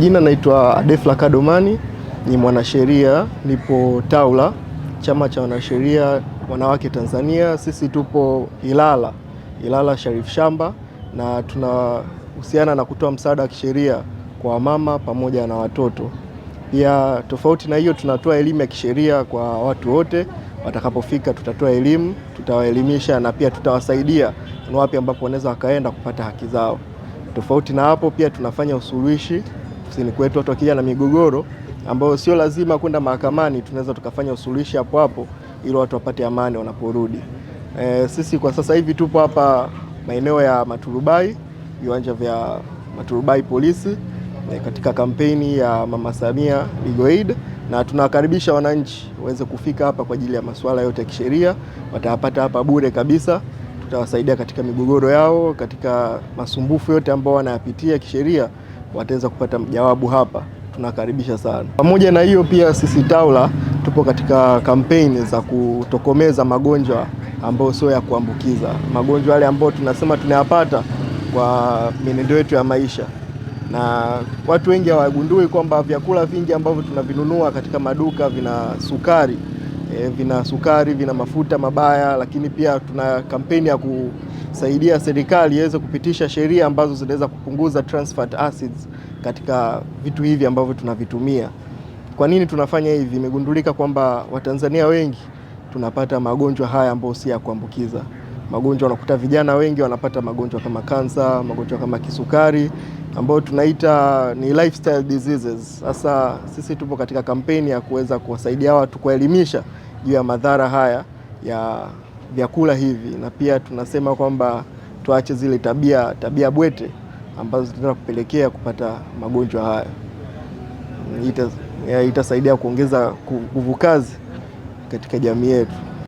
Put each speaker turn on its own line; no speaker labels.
Jina naitwa Adefla Kadomani, ni mwanasheria, nipo Taula, chama cha wanasheria wanawake Tanzania. Sisi tupo Ilala, Ilala Sharif Shamba, na tunahusiana na kutoa msaada wa kisheria kwa mama pamoja na watoto. Pia tofauti na hiyo, tunatoa elimu ya kisheria kwa watu wote. Watakapofika tutatoa elimu, tutawaelimisha na pia tutawasaidia ni wapi ambapo wanaweza wakaenda kupata haki zao. Tofauti na hapo, pia tunafanya usuluhishi ofisini kwetu, watu wakija na migogoro ambayo sio lazima kwenda mahakamani, tunaweza tukafanya usuluhishi hapo hapo ili watu wapate amani wanaporudi. E, sisi kwa sasa hivi tupo hapa maeneo ya Maturubai, viwanja vya Maturubai polisi e, katika kampeni ya Mama Samia Legal Aid, na tunawakaribisha wananchi waweze kufika hapa kwa ajili ya masuala yote ya kisheria, watayapata hapa bure kabisa. Tutawasaidia katika migogoro yao, katika masumbufu yote ambao wanayapitia kisheria wataweza kupata jawabu hapa. Tunakaribisha sana. Pamoja na hiyo, pia sisi TAWLA tupo katika kampeni za kutokomeza magonjwa ambayo sio ya kuambukiza, magonjwa yale ambayo tunasema tunayapata kwa mienendo yetu ya maisha, na watu wengi hawagundui kwamba vyakula vingi ambavyo tunavinunua katika maduka vina sukari e, vina sukari, vina mafuta mabaya, lakini pia tuna kampeni ya ku kusaidia serikali iweze kupitisha sheria ambazo zinaweza kupunguza transfer acids katika vitu hivi ambavyo tunavitumia. Kwa nini tunafanya hivi? Imegundulika kwamba Watanzania wengi tunapata magonjwa haya ambayo si ya kuambukiza magonjwa wanakuta vijana wengi wanapata magonjwa kama kansa, magonjwa kama kisukari ambayo tunaita ni lifestyle diseases. Sasa sisi tupo katika kampeni ya kuweza kuwasaidia watu kuwaelimisha juu ya madhara haya ya vyakula hivi, na pia tunasema kwamba tuache zile tabia tabia bwete ambazo zitaenda kupelekea kupata magonjwa haya. Itasaidia ita kuongeza nguvu kazi katika jamii yetu.